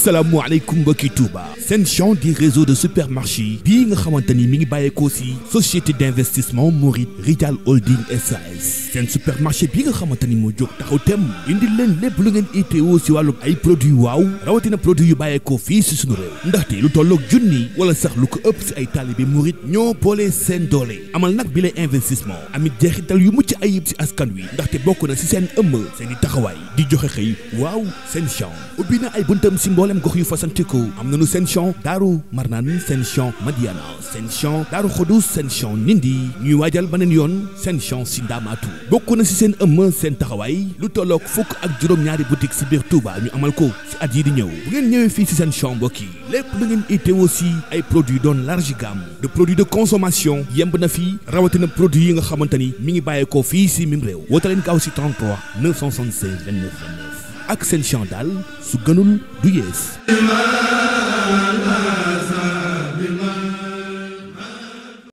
asalaamualeykum mbokki Touba seen champ di réseau de supermarché bii nga xamante ni mi ngi bàyyeekoo si société d'investissement Mourid Retail Holding SAS seen supermarché bi nga xamante ni moo jóg taxaw tem indi leen lépp lu ngeen itteewoo si wàllu ay produits waaw rawatina produit yu bàyyeekoo fii si sunu réew ndaxte lu tolloog junni wala sax lu ko ëpp si ay taalibe Mourid ñoo boole seen doole amal nag bi lay investissement amit jeexital yu mucc ay ayib si askan wi ndaxte bokk na si seen ëmm seen i taxawaay di joxe xëy waaw seen champ si mboole mboolem gox yu fasantiku am na nañu seen champ daaru marnaan seen champ madiana seen champ daaru xudus seen champ nindi ñuy waajal beneen yoon seen champ si ndaamaatu bokk na si seen ëmm seen taxawaay lu tollook fukk ak juróom-ñaari boutique si biir Touba ñu amal ko si at yi di ñëw bu ngeen ñëwee fii si seen champ mbokk yi lépp lu ngeen itte aussi ay produits doon large gamme de produits de consommation yemb na fi rawatina produits yi nga xamante ni mi ngi bàyyeekoo fii si mim réew woote leen gaaw si 33 976 29 29 ak seen chandal su gënul du yées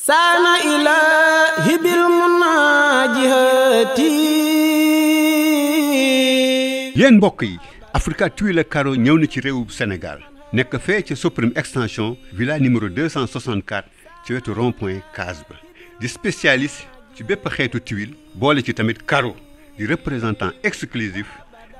saana ilaahi bil munaajihati yéen mbokk yi Africa Tuile Caro ñëw na ci réewub senegal nekk fee ca Suprême extension villa numéro 264 ci wetu rond point di spécialiste ci bépp xeetu tuile boole ci tamit caro di représentant exclusif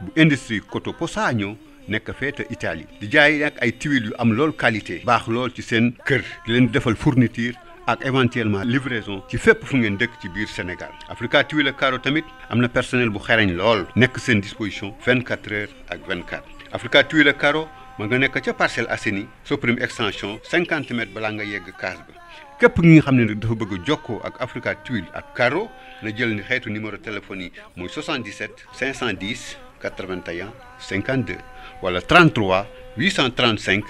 bu industrie Koto Posagno nekk feete Italie di jaay ak ay tuiles yu am lool qualité baax lool ci seen kër di leen defal fourniture ak éventuellement livraison ci fépp fu ngeen dëkk ci biir Sénégal Africa Tuiles ak Caro tamit am na personnel bu xereñ lool nekk seen disposition 24 heures ak 24 Africa Tuiles ak Caro ma nga nekk ca Parcelles Assainies Soprim extension 50 bala nga yegg case ba képp ngi nga xam ne nag dafa bëgg jokkoo ak Africa Tuiles ak Caro na jël ni xeetu numéro téléphone yi mooy 77 510 81 52 wala 33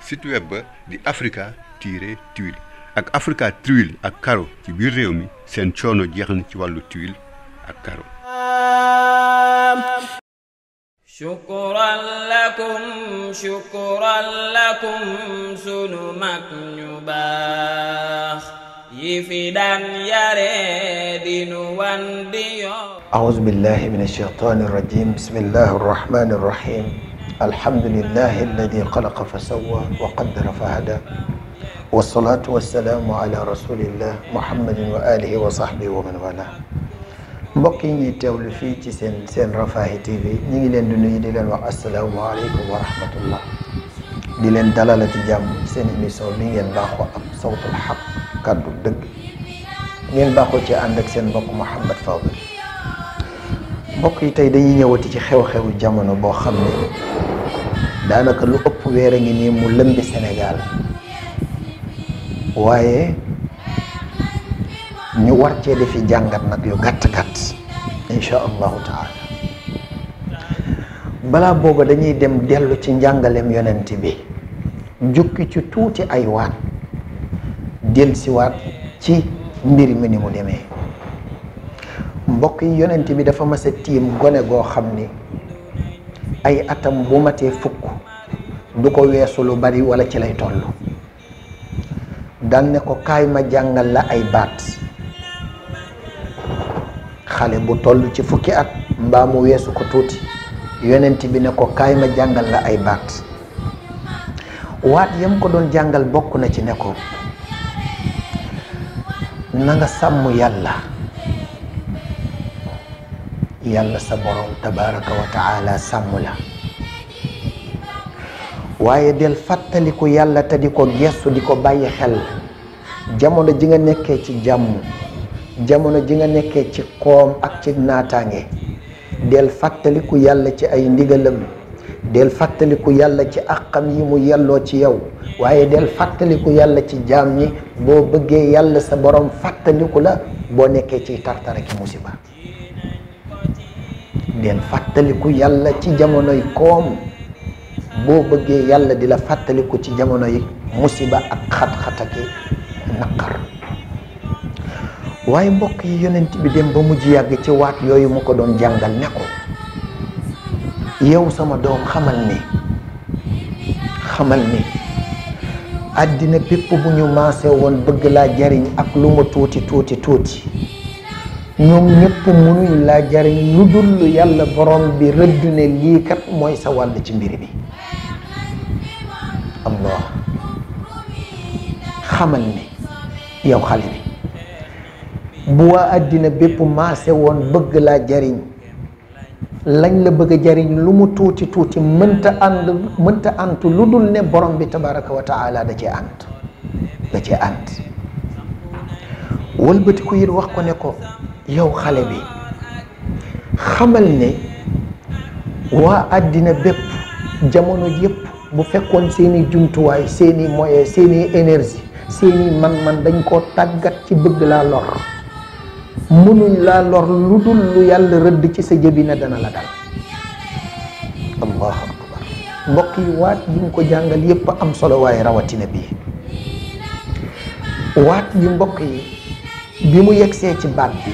site web ba di africa tiret tuile ak africa tuile ak karo ci biir réew mi seen coono jeex na ci wàllu tuile ak karo shukran lakum shukran lakum sunu ñu baax ki fi daan yare dinu wan di yoon a'uuzu billahi min ash-shaytaani rajiim bismillahi rahmaani rahiim alhamdulillahi alladi xalaqa fa sawwa wa qaddara fa hada wasalaatu wasalaamu ala rasulillah muhammadin wa alihi wa sahbihi wa man wala mbokk yi ñuy teewlu fii ci seen seen Rafaahi TV ñu ngi leen di nuyu di leen wax asalaamaaleykum wa rahmatullah di leen dalalati jàmm seen émission bi ngeen baaxoo am sawtul xaq kàddu dëgg ngeen baaxoo ci ànd ak seen mbokk Mouhamed Fadel mbokk yi tey dañuy ñëwati ci xew-xewu jamono boo xam ne daanaka lu ëpp weer a ngi nii mu lëmbi Sénégal waaye ñu war cee fi jàngat nag yu gàtt gàtt incha allahu taala balaa booba dañuy dem dellu ci njàngaleem yonent bi jukki ci tuuti ay waat dellusiwaat ci mbir mi ni mu demee mbokk yi yonent bi dafa mase tiim gone goo xam ni ay atam bu matee fukk du ko weesu lu bari wala ci lay toll dal kaay ma jàngal la ay baat xale bu toll ci fukki at mbaa mu weesu ko tuuti yonent bi ne ko kaay ma jàngal la ay baat waat yam ko doon jàngal bokk na ci ne ko nanga nga sàmm yàlla yàlla sa borom wa taala sàmm la waaye del fàttaliku yàlla te di ko gestu di ko bàyyi xel jamono ji nga nekkee ci jàmm jamono ji nga nekkee ci koom ak ci naataange del fàttaliku yàlla ci ay ndigalam del fàttaliku yàlla ci àqam yi mu yelloo ci yow waaye del fàttaliku yàlla ci jaam ñi boo bëggee yàlla sa boroom fàttaliku la boo nekkee ci tartara ki musiba del fàttaliku yàlla ci jamonoy koom boo bëggee yàlla di la fàttaliku ci jamonoy musiba ak xat-xataki naqar waaye mbokk yi yonent bi dem ba mujj yàgg ci waat yooyu mu ko doon jàngal ne yow sama doom xamal ni xamal ni àddina bépp bu ñu maase woon bëgg laa jariñ ak lu ma tuuti tuuti tuuti ñoom ñëpp mënuñ laa jariñ lu dul yàlla borom bi rëdd ne lii kat mooy sa wàll ci mbir bi allah xamal ni yow xale bi bu waa àddina bépp maase woon bëgg laa jariñ lañ la bëgg a jariñ lu mu tuuti tuuti mënta mm. ànd mënta ànd lu dul ne borom bi tabaraka wa taala da cee ànd da cee ànd wëlbatiku yit wax ko ne ko yow xale bi xamal ne waa àddina bépp jamono yépp bu fekkoon seeni jumtuwaay seeni moyen seeni énergie seeni man-man dañ koo tàggat ci bëgg laa lor mënuñ laa lor lu dul lu yàlla rëdd ci sa bi ne dana la dal mbokk yi waat yi mu ko jàngal yépp am solo waaye rawatina bii waat yi mbokk yi bi mu yegsee ci baat bi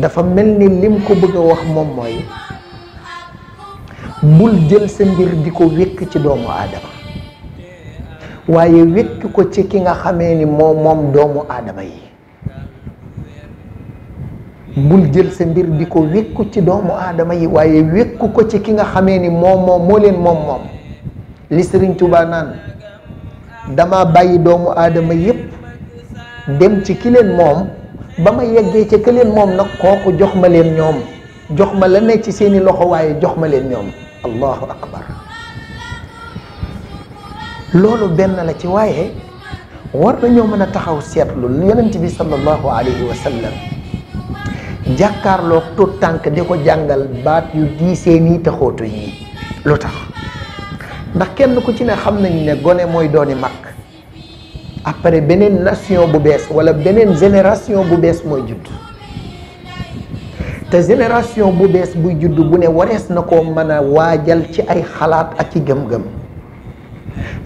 dafa mel ni lim ko bëgg a wax moom mooy bul jël sa mbir di ko wékk ci doomu aadama waaye wékk ko ci ki nga xamee ni moo moom doomu aadama yi bul jël sa mbir di ko wékku ci doomu aadama yi waaye wékku ko ci ki nga xamee ni moom moom moo leen moom moom li Sëriñ Tuubaa naan dama bàyyi doomu aadama yépp dem ci ki leen moom ba ma yeggee ca ki leen moom nag kooku jox ma leen ñoom jox ma la ne ci seeni loxo waaye jox ma leen ñoom allahu akbar loolu benn la ci waaye war nañoo mën a taxaw seetlu yonent bi sallallahu alayhi wa sallam jàkkaarloog tout tànk di ko jàngal baat yu diisee nii te xóotu yi lu tax ndax kenn ku ci ne xam nañu ne gone mooy dooni mag après beneen nation bu bees wala beneen génération bu bees mooy judd te génération bu bees buy judd bu ne warees na koo mën a waajal ci ay xalaat ak ci gëm-gëm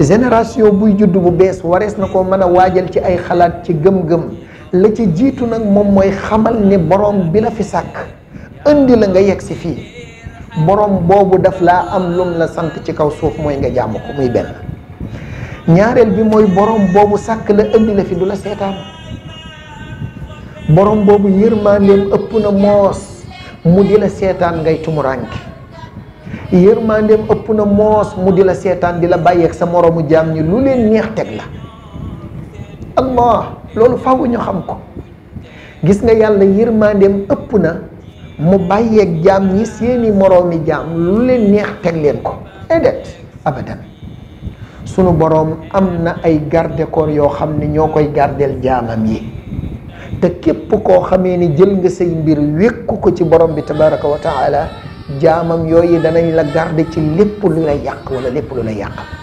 génération buy judd bu bees warees na koo mën a waajal ci ay xalaat ci gëm-gëm la ci jiitu nag moom mooy xamal ni boroom bi la fi sàkk indi la nga yegg si fii boroom boobu daf laa am lum la sant ci kaw suuf mooy nga jàmm ko muy benn ñaareel bi mooy borom boobu sàkk la indi la fi du la seetaan borom boobu yërmandeem ëpp na moos mu di la seetaan ngay tumuraanke yërmandeem ëpp na moos mu di la seetaan di la bàyyeek sa moroomu jaam ñi lu leen neex teg la allah loolu faaw ñu xam ko gis nga yàlla yërmandeem ëpp na mu bàyyeeg jaam ñi seeni moroomi jaam lu leen neex teg leen ko edet eh, abadan sunu boroom am na ay garde corps yoo xam ne ñoo koy gardeel jaamam yi te képp koo xamee ni jël nga say mbir wékku ko ci borom bi tabaraka wa taala jaamam yooyu danañ la garde ci lépp lu la yàq wala lépp lu la yàq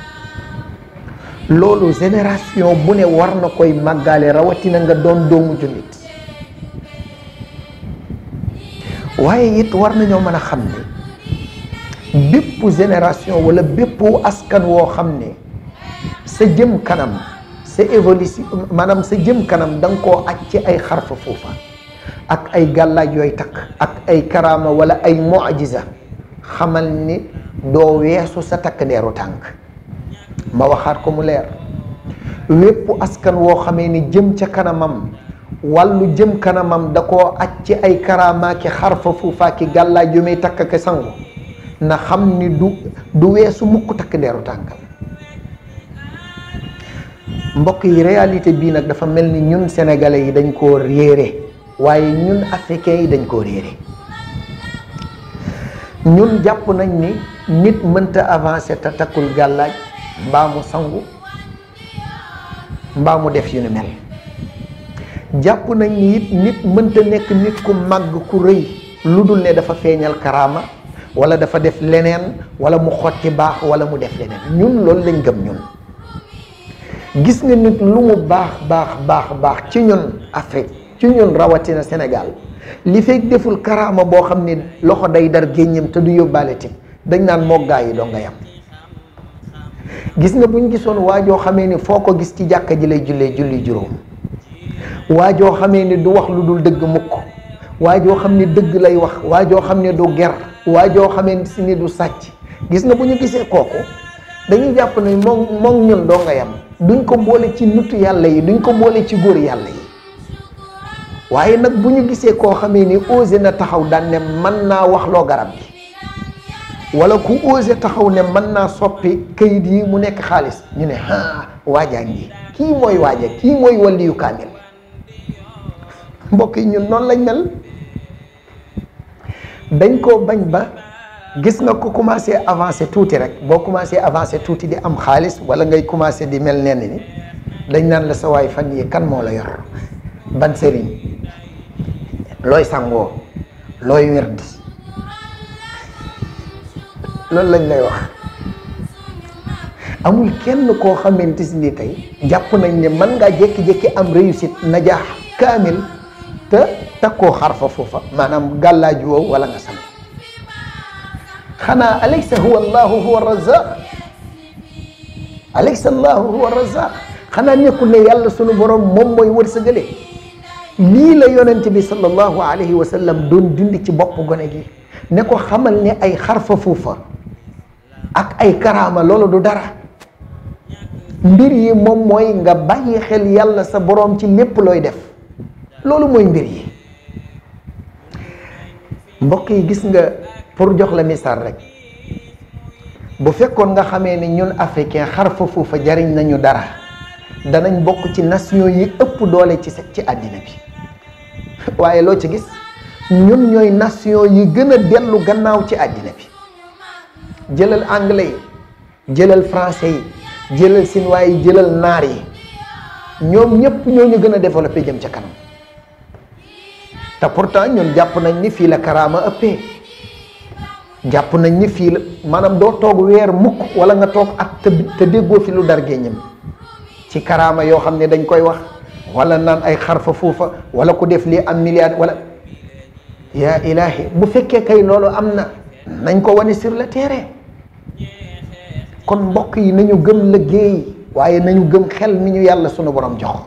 loolu génération bu ne war na koy màggaale rawatina nga doon doomu jullit waaye it war nañoo mën a xam ne bépp génération walla bépp askan woo xam ne sa jëm kanam sa évolution maanaam sa jëm kanam da koo aj ci ay xarfa foofa ak ay gàllaaj yooyu takk ak ay karaama wala ay mu'jiza xamal ni doo weesu sa takk deeru tànk ma waxaat ko mu leer wépp askan woo xamee ni jëm ca kanamam wàllu jëm kanamam da koo aj ci ay karaamaa ki xarfa fuufaa gàllaaj yu may takk ak sangu na xam ni du du weesu mukk takk deeru tànkam mbokk yi réalité bii nag dafa mel ni ñun sénégalais yi dañ koo réere waaye ñun africains yi dañ koo réere ñun jàpp nañ ni nit mënta avancer te takkul gàllaaj mbaa mu sangu mbaa mu def yu ni mel jàpp nañ ni it nit mënta nekk nit ku màgg ku rëy lu dul ne dafa feeñal karaama wala dafa def leneen wala mu xotti baax wala mu def leneen ñun loolu lañ gëm ñun gis nga nit lu mu baax baax baax baax ci ñun Afrique ci ñun rawatina senegal li fekk deful karaama boo xam ne loxo day dara géññam te du yóbbaale tim dañ naan moo yi doo nga gis na nga buñ gisoon waa joo xamee ne foo ko gis ci jàkka ji lay jullee julli juróom waa joo xamee ne du wax lu dul dëgg mukk waa joo xam ne dëgg lay wax waa joo xam ne du ger waa joo xamee si ni du sàcc gis na bu ñu gisee kooku dañuy jàpp ne moom moom ñun doo nga yam duñ ko mboole ci nuttu yàlla yi duñ ko mboole ci góor yàlla yi waaye nag bu ñu gisee koo xamee ni osé na taxaw daan man mën naa wax loo garab gi wala ku osé taxaw ne mën naa soppi kayit yi mu nekk xaalis ñu ne ah waajaa ngi kii mooy waaja kii mooy waliyu kaamil mbokk yi ñun noonu lañ mel dañ koo bañ ba gis nga ko commencé avancé tuuti rek boo commencé avancé tuuti di am xaalis wala ngay commencé di mel nenn ni dañ naan la sa waay fan yi kan moo la yor ban looy sangoo looy werd loolu lañ lay wax amul kenn koo xamante si ni tey jàpp nañ ne mën ngaa jékki-jékki am réussite najaax kaamil te koo xarfa foofa maanaam gàllaaj woow wala nga sam xanaa alaysa huwa allahu huwa razaq alaysa allahu huwa razaq xanaa nekkul ne yàlla sunu borom moom mooy wërsëgale lii la yonent bi sallallahu alayhi wa sallam doon dindi ci boppu gone gi ne ko xamal ne ay xarfa foofa ak ay karaama loolu du dara mbir yi moom mooy nga bàyyi xel yàlla sa boroom ci lépp looy def loolu mooy mbir yi mbokk yi gis nga pour jox la misaal rek bu fekkoon nga xamee ni ñun africain xar fa fuufa jariñ nañu dara danañ bokk ci nation yi ëpp doole ci ci àddina bi waaye loo ci gis ñun ñooy nation yi gën a dellu gannaaw ci àddina bi jëlal anglais yi jëlal français yi jëlal sinwaa yi jëlal naar yi ñoom ñépp ñooñu gën a développé jëm ca kanam te pourtant ñun jàpp nañ ni fii la karaama ëppee jàpp nañ ni fii la maanaam doo toog weer mukk wala nga toog at te déggoo fi lu dargee ñam ci karaama yoo xam ne dañ koy wax wala naan ay xarfa foofa wala ku def lii am milliard wala ya ilaahi bu fekkee kay loolu am na nañ ko wane sur le terrain kon mbokk yi nañu gëm liggéey waaye nañu gëm xel mi ñu yàlla sunu borom jox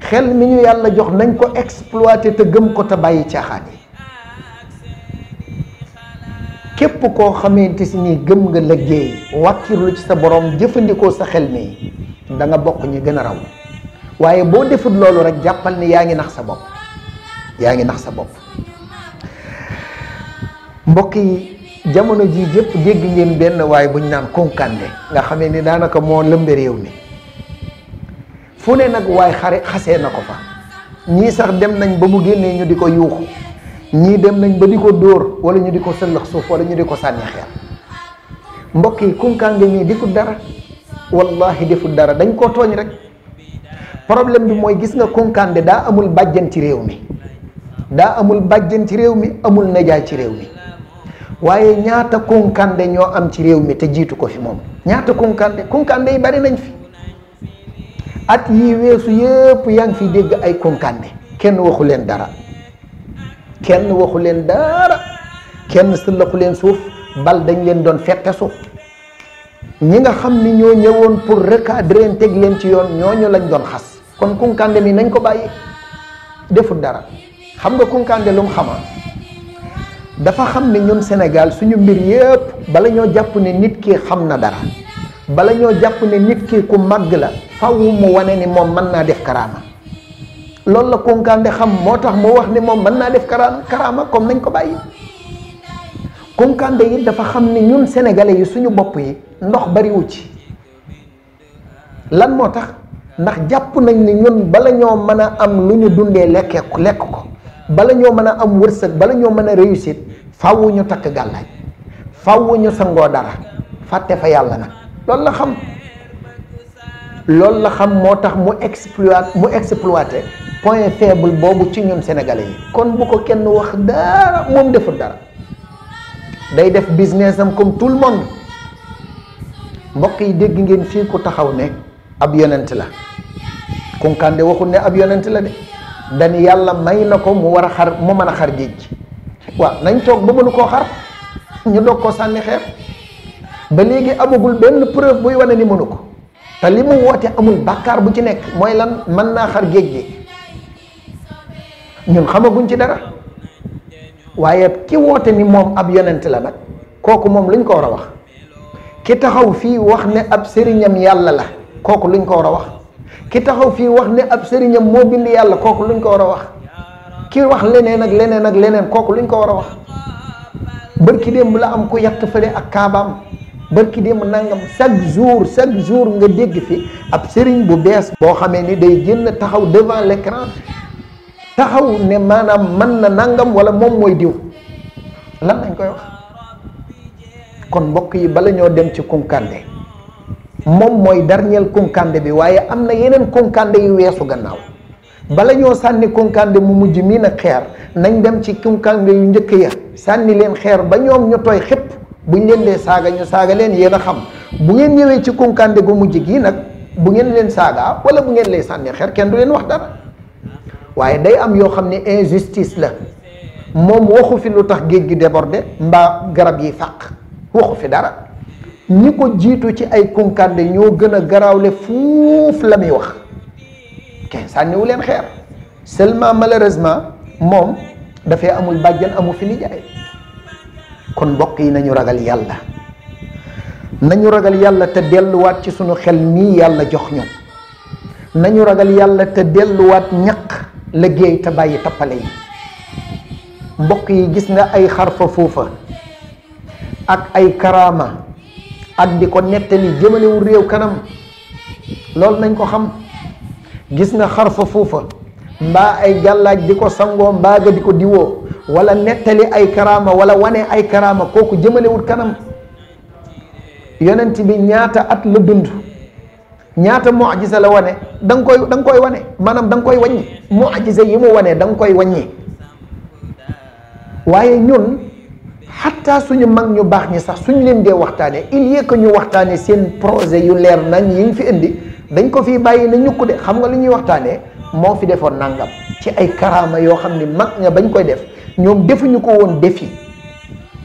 xel mi ñu yàlla jox nañ ko exploité te gëm ko te bàyyi caaxaan yi képp koo xamee si ni gëm nga liggéey wàkkirlu ci sa borom jëfandikoo sa xel mi da nga bokk ñi gën a raw waaye boo defut loolu rek jàppal ni yaa ngi nax sa bopp yaa ngi nax sa bopp mbokk yi jamono jii jëpp dégg ngeen benn waaye bu ñu naan konkande nga xamee ni daanaka moo lëmbe réew mi fu ne nag waaye xare xasee na ko fa ñii sax dem nañ ba mu génnee ñu di ko yuuxu ñii dem nañ ba di ko dóor wala ñu di ko sëllax suuf wala ñu di ko sànni xeer mbokk yi konkande mii di ko dara wallahi deful dara dañ koo tooñ rek problème bi mooy gis nga konkande daa amul bàjjen ci réew mi daa amul bàjjen ci réew mi amul najaay ci réew mi waaye ñaata kunkande ñoo am ci réew mi te jiitu ko fi moom ñaata kunkande kunkande yi bari nañ fi at yi weesu yépp yaa ngi fi dégg ay kunkande kenn waxu leen dara kenn waxu leen dara kenn sëllaxu leen suuf bal dañ leen doon fette suuf ñi nga xam ni ñoo ñëwoon pour rekk recadrer teg leen ci yoon ñooñu lañ doon xas kon kunkande mi nañ ko bàyyi deful dara xam nga kunkande lu mu xamaa dafa xam ne ñun Sénégal suñu mbir yëpp bala ñoo jàpp ne nit ki xam na dara bala ñoo jàpp ne nit ki ku màgg la faw mu wane ni moom mën naa def karaama loolu la Kounkandé xam moo tax mu wax ni moom mën naa def kara karaama comme nañ ko bàyyi Kounkandé yi dafa xam ne ñun sénégalais yi suñu bopp yi ndox bariwu ci lan moo tax ndax jàpp nañ ni ñun bala ñoo mën a am lu ñu dundee lekkeeku lekk ko bala ñoo mën a am wërsëg bala ñoo mën a réussit faaw ñu takk gàllaaj faaw ñu sangoo dara fàtte fa yàlla na loolu la xam loolu la xam moo tax mu exploite mu exploité point faible boobu ci ñun sénégalais yi kon bu ko kenn wax dara moom deful dara day def business am comme tout le monde mbokk yi dégg ngeen fii ku taxaw ne ab yonent la kunkande waxul ne ab yonent la de dañu yàlla may na ko mu war a xar mu mën a xar géej gi waaw nañ toog ba mënu koo xar ñu doog koo sànni xeer ba léegi amagul benn preuve buy wane ni mënu ko te li mu woote amul bàkkaar bu ci nekk mooy lan mën naa xar géej gi ñun xamaguñ ci dara waaye ki woote ni moom ab yonent la nag kooku moom luñ ko war a wax ki taxaw fii wax ne ab sëriñam yàlla la kooku luñ ko war a wax ki taxaw fii wax ne ab sëriñam moo bind yàlla kooku luñ ko war a wax ki wax leneen ak leneen ak leneen kooku luñ ko war a wax bërki démb la am ku yàq fële ak kaabaam bërki démb nangam chaque jour chaque jour nga dégg fi ab sëriñ bu bees boo xamee ni day génn taxaw devant l'écran taxaw ne maanaam man na nangam wala moom mooy diw lan lañ koy wax kon mbokk yi bala ñoo dem ci kunkande moom mooy dernier konkande bi waaye am na yeneen konkande yu weesu gannaaw bala ñoo sànni konkande mu mujj mii nag xeer nañ dem ci konkande yu njëkk ya sànni leen xeer ba ñoom ñu tooy xëpp buñ leen dee saaga ñu saaga leen yéen a xam bu ngeen ñëwee ci konkande gu mujj gii nag bu ngeen leen saaga wala bu ngeen lay sànni xeer kenn du leen wax dara waaye day am yoo xam ne injustice la moom waxu fi lu tax géej gi débordé mbaa garab yi fàq waxu fi dara. ñi ko jiitu ci ay kunkande ñoo gën a garaawle fuuf la muy wax kenn sànniwu leen xeer seulement malheureusement moom dafay amul bàjjan amu fi nijaay kon mbokk yi nañu ragal yàlla nañu ragal yàlla te delluwaat ci suñu xel mii yàlla jox ñu nañu ragal yàlla te delluwaat ñaq liggéey te bàyyi tappale yi mbokk yi gis nga ay xarfa foofa ak ay karaama ak di ko nettali jëmalewu réew kanam loolu nañ ko xam gis nga xarfa foofa mbaa ay gàllaaj di ko sangoo mbaa nga di ko diwoo wala nettali ay karaama wala wane ay karaama kooku jëmalewul kanam yonent bi ñaata at la dund ñaata mojisa la wane da nga koy da koy wane maanaam da nga koy wàññi mojisa yi mu wane da koy wàññi waaye ñun xataa suñu mag ñu baax ñi sax suñu leen dee waxtaanee il est ñu waxtaanee seen projet yu leer nañ yi ñu fi indi dañ ko fi bàyyi na ñu ko de xam nga lu ñuy waxtaanee moo fi defoon nangam ci ay karaama yoo xam ni mag nga bañ koy def ñoom defuñu ko woon defi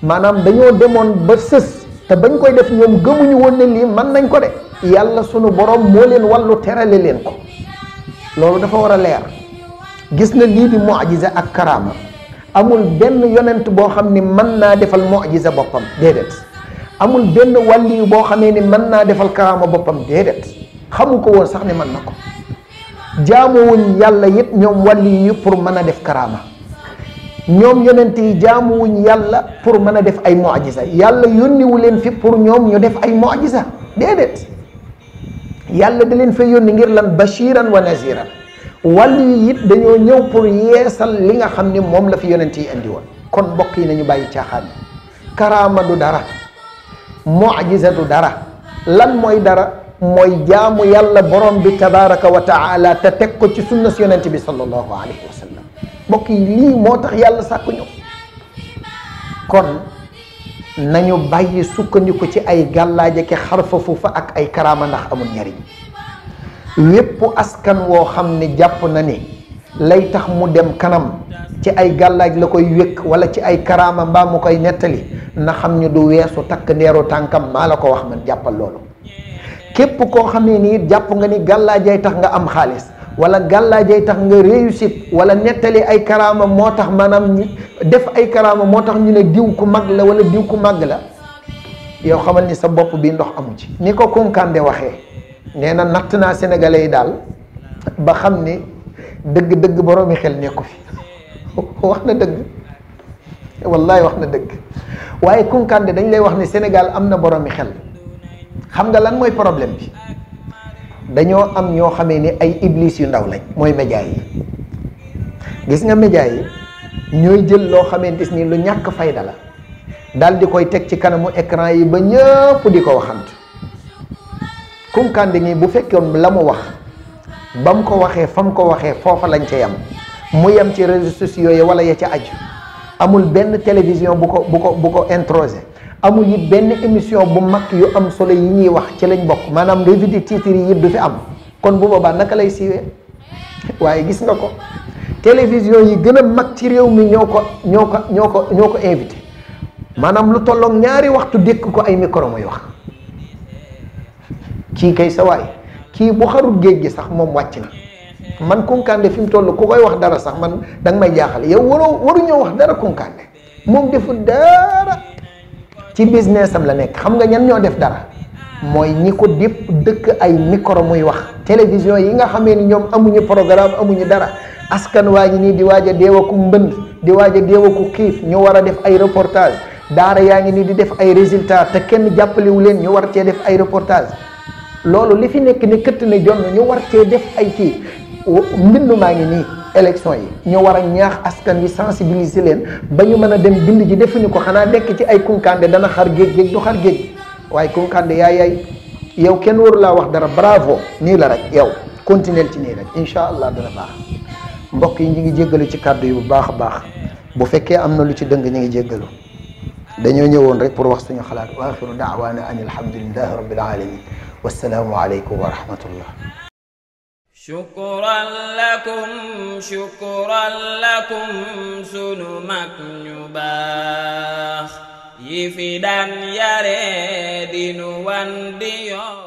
maanaam dañoo demoon ba sës te bañ koy def ñoom gëmuñu woon ne lii mën nañ ko de yàlla suñu borom moo leen wàllu terale leen ko loolu dafa war a leer gis na lii di ajise ak karaama. amul benn yonent boo xam ni mën naa defal mojisa boppam déedéet amul benn wàlliyu boo xamee ni mën naa defal karama boppam déedéet xamu ko woon sax ne man na ko jaamuwuñ yàlla yépp ñoom wàlliyu yi pour mën a def karaama ñoom yonent yi jaamuwuñ yàlla pour mën a def ay mojisa yàlla yónniwu leen fi pour ñoom ñu def ay mojisa déedéet yàlla da leen fa yónni ngir lan bashiran wa naziran wàll yi dañoo ñëw pour yeesal li nga xam ni moom la fi yonent yi andi woon kon mbokk yi nañu bàyyi caaxaan yi karaama du dara mujiza du dara lan mooy dara mooy jaamu yàlla borom bi tabaraka wa taala te teg ko ci sunna si yonent bi sallallahu alayhi wa sallam mbokk yi lii moo tax yàlla sàkku kon nañu bàyyi sukkandiku ci ay gàllaaje ki xarfafu fa ak ay karaama ndax amul njariñ wépp askan woo xam ne jàpp na ni lay tax mu dem kanam ci ay gàllaaj la koy wékk wala ci ay karaama mbaa mu koy nettali na xam ñu du weesu takk ndeeru tànkam maa la ko wax man jàppal loolu képp koo xamee ni it jàpp nga ni gàllaajay tax nga am xaalis wala gàllaajay tax nga réussite wala nettali ay karaama moo tax maanaam ñi def ay karaama moo tax ñu ne diw ku mag la wala diw ku màgg la yow xamal ni sa bopp bi ndox amu ci ni ko Konkande waxee nee na natt naa sénégalais yi daal ba xam ne dëgg-dëgg boroomi xel nekku fi wax na dëgg wallaay wax na dëgg waaye Kunkande dañ lay wax ni Sénégal am na boroomi xel xam nga lan mooy problème bi dañoo am ñoo xamee ni ay iblis yu ndaw lañ mooy média yi gis nga média yi ñooy jël loo xamante ni lu ñàkk fayda la daal di koy teg ci kanamu écran yi ba ñëpp di ko waxant Kunkande ngi bu fekkoon la mu wax ba mu ko waxee fa mu ko waxee foofa lañ ca yam mu yam ci réseaux sociaux yi wala ya ci aju amul benn télévision bu ko bu ko bu ko introsé amul it benn émission bu mag yu am solo yi ñuy wax ci lañ bokk maanaam revue de titre yi yëpp du fi am kon bu boobaa naka lay siiwee waaye gis nga ko télévision yi gën a mag ci réew mi ñoo ko ñoo ko ñoo ko ñoo ko invité maanaam lu tolloog ñaari waxtu dëkk ko ay micro muy wax. kii kay sa waay kii bu xarul géej gi sax moom wàcc na man Kunkande fi mu toll ku koy wax dara sax man danga may jaaxal yow waroo waruñoo wax dara Kunkande moom deful dara ci business am la nekk xam nga ñan ñoo def dara mooy ñi ko dépp dëkk ay micro muy wax télévision yi nga xamee ni ñoom amuñu programme amuñu dara askan waa ngi nii di waaja a deewaku mbënd di waaj a deewaku xiif ñu war a def ay reportage daara yaa ngi nii di def ay résultat te kenn jàppalewu leen ñu war cee def ay reportage loolu li fi nekk ni këtt ne jonn ñu war cee def ay kii mbindu maa ngi nii élection yi ñu war a ñaax askan wi sensibiliser leen ba ñu mën a dem bind ji defuñu ko xanaa nekk ci ay kunkande dana xar géej géej du xar géej waaye kunkande yaay yaay yow kenn waru laa wax dara bravo nii la rek yow continuer ci nii rek incha allah dana baax mbokk yi ñu ngi jéggalu ci kàddu yi bu baax a baax bu fekkee am na lu ci dëng ñu ngi jéggalu dañoo ñëwoon rek pour wax suñu xalaat wa axiru daawaana an alhamdulillahi rabbil alamin wassalaamu aleykum wa rahmatullah shukran lakum shukran lakum sunu mag ñu baax yi fi daan yare dinu wan di yoon